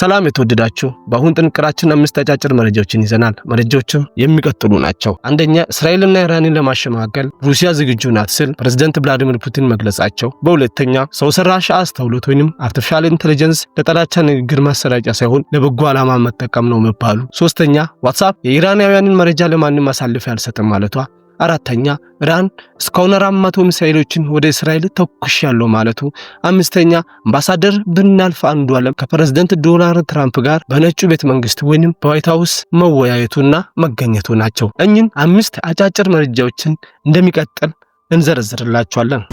ሰላም የተወደዳችሁ፣ በአሁን ጥንቅራችን አምስት አጫጭር መረጃዎችን ይዘናል። መረጃዎችም የሚቀጥሉ ናቸው። አንደኛ፣ እስራኤልና ኢራንን ለማሸማገል ሩሲያ ዝግጁ ናት ስል ፕሬዝደንት ቭላዲሚር ፑቲን መግለጻቸው። በሁለተኛ፣ ሰው ሰራሽ አስተውሎት ወይም አርቲፊሻል ኢንቴሊጀንስ ለጠላቻ ንግግር ማሰራጫ ሳይሆን ለበጎ ዓላማ መጠቀም ነው መባሉ። ሶስተኛ፣ ዋትሳፕ የኢራናውያንን መረጃ ለማንም ማሳለፍ አልሰጥም ማለቷ አራተኛ ኢራን እስካሁን አራት መቶ ሚሳኤሎችን ወደ እስራኤል ያለው ማለቱ፣ አምስተኛ አምባሳደር ብናልፍ አንዱ አለም ከፕሬዝደንት ዶናልድ ትራምፕ ጋር በነጩ ቤተ መንግስት ወይም በዋይት ሀውስ መወያየቱና መገኘቱ ናቸው። እኝን አምስት አጫጭር መረጃዎችን እንደሚቀጥል እንዘረዝርላቸዋለን።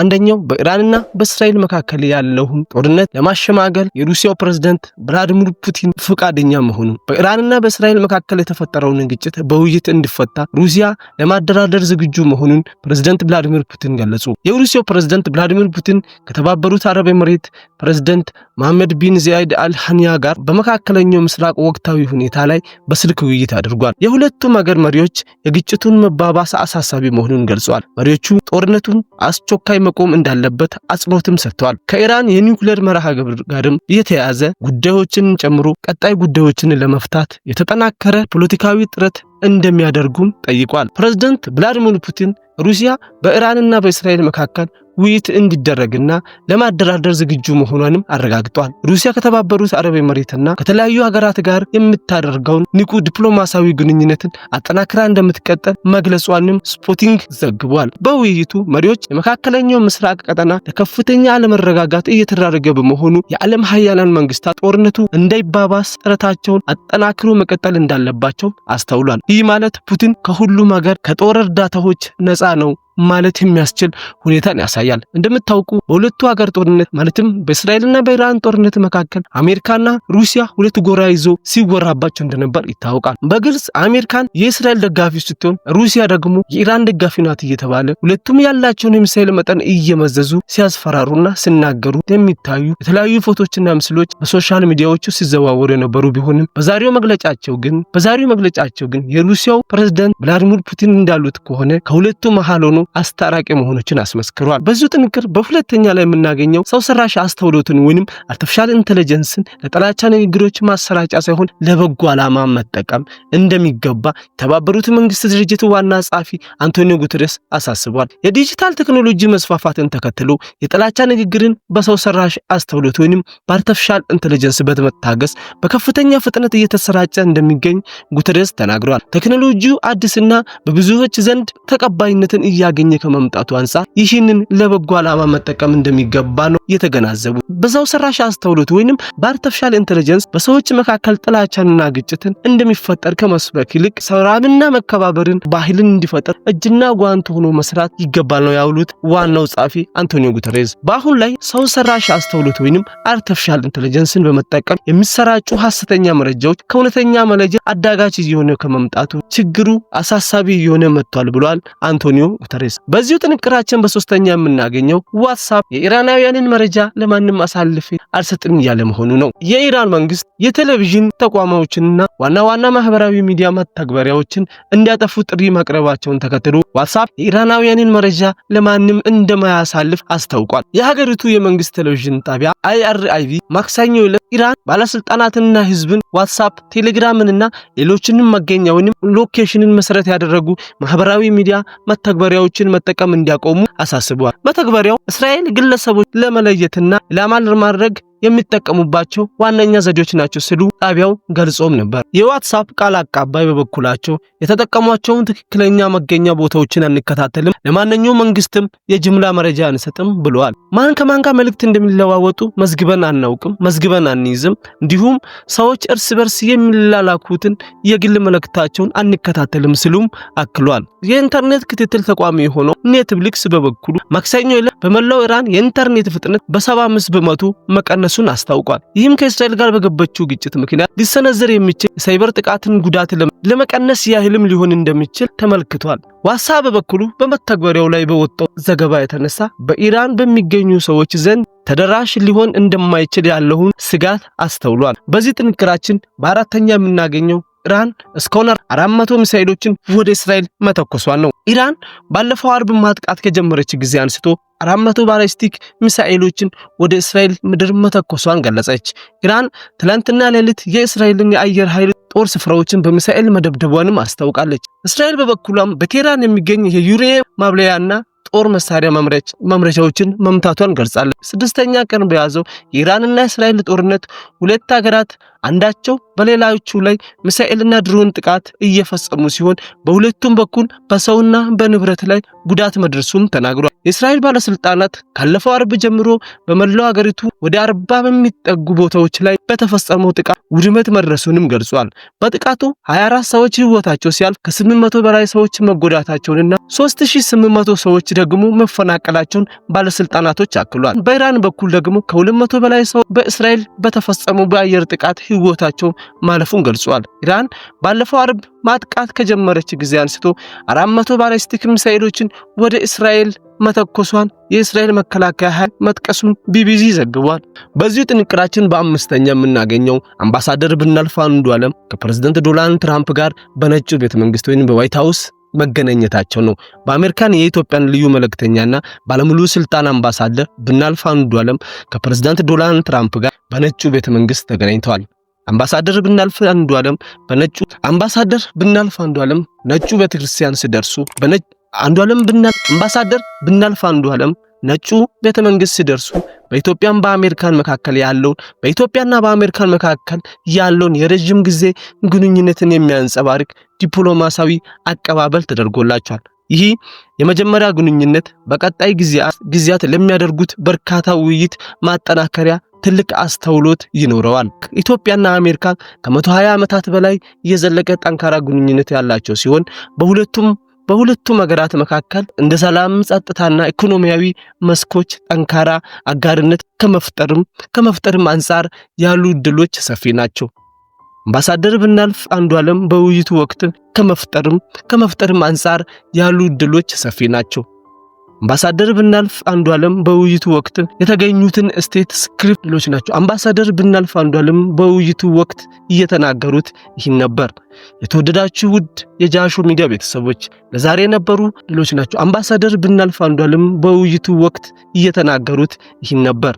አንደኛው በኢራንና በእስራኤል መካከል ያለውን ጦርነት ለማሸማገል የሩሲያው ፕሬዝደንት ቭላዲሚር ፑቲን ፈቃደኛ መሆኑ፣ በኢራንና በእስራኤል መካከል የተፈጠረውን ግጭት በውይይት እንዲፈታ ሩሲያ ለማደራደር ዝግጁ መሆኑን ፕሬዝደንት ቭላዲሚር ፑቲን ገለጹ። የሩሲያው ፕሬዝደንት ቭላዲሚር ፑቲን ከተባበሩት አረብ ኤምሬት ፕሬዝደንት መሐመድ ቢን ዚያይድ አልሃኒያ ጋር በመካከለኛው ምስራቅ ወቅታዊ ሁኔታ ላይ በስልክ ውይይት አድርጓል። የሁለቱም ሀገር መሪዎች የግጭቱን መባባስ አሳሳቢ መሆኑን ገልጿል። መሪዎቹ ጦርነቱን አስቸኳይ መቆም እንዳለበት አጽንኦትም ሰጥተዋል። ከኢራን የኒውክሌር መርሃ ግብር ጋርም የተያያዘ ጉዳዮችን ጨምሮ ቀጣይ ጉዳዮችን ለመፍታት የተጠናከረ ፖለቲካዊ ጥረት እንደሚያደርጉም ጠይቋል። ፕሬዝደንት ቭላዲሚር ፑቲን ሩሲያ በኢራንና በእስራኤል መካከል ውይይት እንዲደረግና ለማደራደር ዝግጁ መሆኗንም አረጋግጧል። ሩሲያ ከተባበሩት አረብ ኤምሬትና ከተለያዩ ሀገራት ጋር የምታደርገውን ንቁ ዲፕሎማሲያዊ ግንኙነትን አጠናክራ እንደምትቀጠል መግለጿንም ስፖቲንግ ዘግቧል። በውይይቱ መሪዎች የመካከለኛው ምስራቅ ቀጠና ለከፍተኛ አለመረጋጋት እየተዳረገ በመሆኑ የዓለም ሀያላን መንግስታት ጦርነቱ እንዳይባባስ ጥረታቸውን አጠናክሮ መቀጠል እንዳለባቸው አስተውሏል። ይህ ማለት ፑቲን ከሁሉም ሀገር ከጦር እርዳታዎች ነፃ ነው ማለት የሚያስችል ሁኔታን ያሳያል። እንደምታውቁ በሁለቱ ሀገር ጦርነት ማለትም በእስራኤልና በኢራን ጦርነት መካከል አሜሪካና ሩሲያ ሁለት ጎራ ይዞ ሲወራባቸው እንደነበር ይታወቃል። በግልጽ አሜሪካን የእስራኤል ደጋፊ ስትሆን፣ ሩሲያ ደግሞ የኢራን ደጋፊ ናት እየተባለ ሁለቱም ያላቸውን የሚሳይል መጠን እየመዘዙ ሲያስፈራሩና ሲናገሩ የሚታዩ የተለያዩ ፎቶችና ምስሎች በሶሻል ሚዲያዎቹ ሲዘዋወሩ የነበሩ ቢሆንም በዛሬው መግለጫቸው ግን በዛሬው መግለጫቸው ግን የሩሲያው ፕሬዝዳንት ቭላዲሚር ፑቲን እንዳሉት ከሆነ ከሁለቱ መሀል ሆኖ አስታራቂ መሆኖችን አስመስክሯል። በዚሁ ጥንቅር በሁለተኛ ላይ የምናገኘው ሰው ሰራሽ አስተውሎትን ወይንም አርቲፊሻል ኢንቴሊጀንስን ለጥላቻ ንግግሮች ማሰራጫ ሳይሆን ለበጎ ዓላማ መጠቀም እንደሚገባ የተባበሩት መንግስት ድርጅት ዋና ጸሐፊ አንቶኒዮ ጉተሬስ አሳስቧል። የዲጂታል ቴክኖሎጂ መስፋፋትን ተከትሎ የጥላቻ ንግግርን በሰው ሰራሽ አስተውሎት ወይንም በአርቲፊሻል ኢንቴሊጀንስ በመታገስ በከፍተኛ ፍጥነት እየተሰራጨ እንደሚገኝ ጉተሬስ ተናግሯል። ቴክኖሎጂው አዲስና በብዙዎች ዘንድ ተቀባይነትን እያ እያገኘ ከመምጣቱ አንጻር ይህንን ለበጎ ዓላማ መጠቀም እንደሚገባ ነው የተገናዘቡ በዛው ሰራሽ አስተውሎት ወይንም በአርተፊሻል ኢንተለጀንስ በሰዎች መካከል ጥላቻንና ግጭትን እንደሚፈጠር ከመስበክ ይልቅ ሰላምና መከባበርን ባህልን እንዲፈጠር እጅና ጓንት ሆኖ መስራት ይገባል ነው ያሉት ዋናው ጸሐፊ አንቶኒዮ ጉተሬዝ። በአሁን ላይ ሰው ሰራሽ አስተውሎት ወይንም አርተፊሻል ኢንተለጀንስን በመጠቀም የሚሰራጩ ሀሰተኛ መረጃዎች ከእውነተኛ መረጃ አዳጋች እየሆነ ከመምጣቱ ችግሩ አሳሳቢ እየሆነ መጥቷል ብሏል አንቶኒዮ ጉተሬዝ። በዚሁ ጥንቅራችን በሶስተኛ የምናገኘው ዋትሳፕ የኢራናውያንን መረጃ ለማንም አሳልፌ አልሰጥም እያለ መሆኑ ነው። የኢራን መንግስት የቴሌቪዥን ተቋማዎችንና ዋና ዋና ማህበራዊ ሚዲያ መተግበሪያዎችን እንዲያጠፉ ጥሪ ማቅረባቸውን ተከትሎ ዋትሳፕ የኢራናውያንን መረጃ ለማንም እንደማያሳልፍ አስታውቋል። የሀገሪቱ የመንግስት ቴሌቪዥን ጣቢያ አይአርአይቪ ማክሰኞ ዕለት ኢራን ባለስልጣናትንና ህዝብን ዋትሳፕ፣ እና ሌሎችንም መገኛ ወይም ሎኬሽንን መሰረት ያደረጉ ማህበራዊ ሚዲያ መተግበሪያዎችን መጠቀም እንዲያቆሙ አሳስበዋል። መተግበሪያው እስራኤል ግለሰቦች ለመለየትና ኢላማ የሚጠቀሙባቸው ዋነኛ ዘዴዎች ናቸው ሲሉ ጣቢያው ገልጾም ነበር። የዋትሳፕ ቃል አቀባይ በበኩላቸው የተጠቀሟቸውን ትክክለኛ መገኛ ቦታዎችን አንከታተልም፣ ለማንኛውም መንግስትም የጅምላ መረጃ አንሰጥም ብለዋል። ማን ከማን ጋር መልእክት እንደሚለዋወጡ መዝግበን አናውቅም፣ መዝግበን አንይዝም፣ እንዲሁም ሰዎች እርስ በርስ የሚላላኩትን የግል መልእክታቸውን አንከታተልም ሲሉም አክሏል። የኢንተርኔት ክትትል ተቋሚ የሆነው ኔትፍሊክስ በበኩሉ ማክሰኞ ዕለት በመላው ኢራን የኢንተርኔት ፍጥነት በ75 በመቶ መቀነሱን አስታውቋል። ይህም ከእስራኤል ጋር በገበችው ግጭት ምክንያት ምክንያት ሊሰነዘር የሚችል የሳይበር ጥቃትን ጉዳት ለመቀነስ ያህልም ሊሆን እንደሚችል ተመልክቷል። ዋሳ በበኩሉ በመተግበሪያው ላይ በወጣው ዘገባ የተነሳ በኢራን በሚገኙ ሰዎች ዘንድ ተደራሽ ሊሆን እንደማይችል ያለውን ስጋት አስተውሏል። በዚህ ጥንክራችን በአራተኛ የምናገኘው ኢራን እስካሁን 400 ሚሳኤሎችን ወደ እስራኤል መተኮሷን ነው። ኢራን ባለፈው አርብ ማጥቃት ከጀመረች ጊዜ አንስቶ አራት መቶ ባላስቲክ ሚሳኤሎችን ወደ እስራኤል ምድር መተኮሷን ገለጸች። ኢራን ትላንትና ሌሊት የእስራኤልን የአየር ኃይል ጦር ስፍራዎችን በሚሳኤል መደብደቧንም አስታውቃለች። እስራኤል በበኩሏም በቴህራን የሚገኝ የዩሬኒየም ማብለያና ጦር መሳሪያ መምረቻዎችን መምታቷን ገልጻለች። ስድስተኛ ቀን በያዘው የኢራንና እስራኤል ጦርነት ሁለት ሀገራት አንዳቸው በሌላዎቹ ላይ ሚሳኤልና ድሮን ጥቃት እየፈጸሙ ሲሆን በሁለቱም በኩል በሰውና በንብረት ላይ ጉዳት መድረሱም ተናግሯል። የእስራኤል ባለስልጣናት ካለፈው አርብ ጀምሮ በመላው ሀገሪቱ ወደ አርባ በሚጠጉ ቦታዎች ላይ በተፈጸመው ጥቃት ውድመት መድረሱንም ገልጿል። በጥቃቱ 24 ሰዎች ህይወታቸው ሲያልፍ ከ800 በላይ ሰዎች መጎዳታቸውንና 3800 ሰዎች ደግሞ መፈናቀላቸውን ባለስልጣናቶች አክሏል። በኢራን በኩል ደግሞ ከ200 በላይ ሰዎች በእስራኤል በተፈጸመው በአየር ጥቃት ህይወታቸው ማለፉን ገልጿል። ኢራን ባለፈው አርብ ማጥቃት ከጀመረች ጊዜ አንስቶ 400 ባላስቲክ ሚሳኤሎችን ወደ እስራኤል መተኮሷን የእስራኤል መከላከያ ኃይል መጥቀሱን ቢቢሲ ዘግቧል። በዚሁ ጥንቅራችን በአምስተኛ የምናገኘው አምባሳደር ብናልፍ አንዱዓለም ከፕሬዝደንት ዶናልድ ትራምፕ ጋር በነጩ ቤተ መንግስት ወይም በዋይት ሃውስ መገናኘታቸው ነው። በአሜሪካን የኢትዮጵያን ልዩ መልእክተኛና ባለሙሉ ስልጣን አምባሳደር ብናልፍ አንዱዓለም ከፕሬዝዳንት ዶናልድ ትራምፕ ጋር በነጩ ቤተ መንግስት ተገናኝተዋል። አምባሳደር ብናልፍ አንዱ ዓለም በነጩ አምባሳደር ብናልፍ አንዱ ዓለም ነጩ ቤተክርስቲያን ሲደርሱ በነጭ አንዱ ዓለም ብናልፍ አምባሳደር ብናልፍ አንዱ ዓለም ነጩ ቤተ መንግስት ሲደርሱ በኢትዮጵያም በአሜሪካን መካከል ያለውን በኢትዮጵያና በአሜሪካን መካከል ያለውን የረጅም ጊዜ ግንኙነትን የሚያንጸባርቅ ዲፕሎማሲያዊ አቀባበል ተደርጎላቸዋል። ይህ የመጀመሪያ ግንኙነት በቀጣይ ጊዜያት ለሚያደርጉት በርካታ ውይይት ማጠናከሪያ ትልቅ አስተውሎት ይኖረዋል። ኢትዮጵያና አሜሪካ ከ120 ዓመታት በላይ የዘለቀ ጠንካራ ግንኙነት ያላቸው ሲሆን በሁለቱም በሁለቱም ሀገራት መካከል እንደ ሰላም፣ ጸጥታና ኢኮኖሚያዊ መስኮች ጠንካራ አጋርነት ከመፍጠርም ከመፍጠርም አንጻር ያሉ እድሎች ሰፊ ናቸው። አምባሳደር ብናልፍ ዓለም በውይይቱ ወቅት ከመፍጠርም ከመፍጠርም አንጻር ያሉ እድሎች ሰፊ ናቸው። አምባሳደር ብናልፍ አንዱ አለም በውይይቱ ወቅት የተገኙትን ስቴት ስክሪፕሎች ናቸው። አምባሳደር ብናልፍ አንዱዓለም በውይይቱ ወቅት እየተናገሩት ይህን ነበር። የተወደዳችሁ ውድ የጃሹ ሚዲያ ቤተሰቦች ለዛሬ የነበሩ ሌሎች ናቸው። አምባሳደር ብናልፍ አንዷልም በውይይቱ ወቅት እየተናገሩት ይህን ነበር።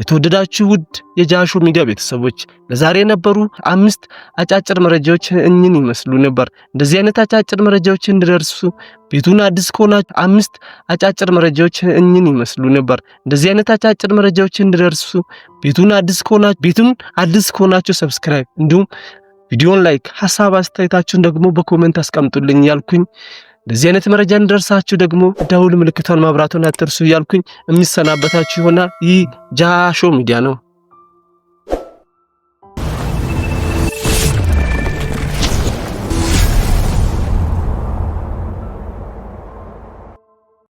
የተወደዳችሁ ውድ የጃሹ ሚዲያ ቤተሰቦች ለዛሬ የነበሩ አምስት አጫጭር መረጃዎች እኝን ይመስሉ ነበር። እንደዚህ አይነት አጫጭር መረጃዎች እንድደርሱ ቤቱን አዲስ ከሆናችሁ አምስት አጫጭር መረጃዎች እኝን ይመስሉ ነበር። እንደዚህ አይነት አጫጭር መረጃዎች እንድደርሱ ቤቱን አዲስ ከሆናችሁ ቤቱን አዲስ ከሆናችሁ ሰብስክራይብ እንዲሁም ቪዲዮን ላይክ፣ ሀሳብ አስተያየታችሁን ደግሞ በኮሜንት አስቀምጡልኝ እያልኩኝ እንደዚህ አይነት መረጃ እንደርሳችሁ ደግሞ ደውል ምልክቷን ማብራቱን አትርሱ እያልኩኝ የሚሰናበታችሁ ይሆናል። ይህ ጃሾ ሚዲያ ነው።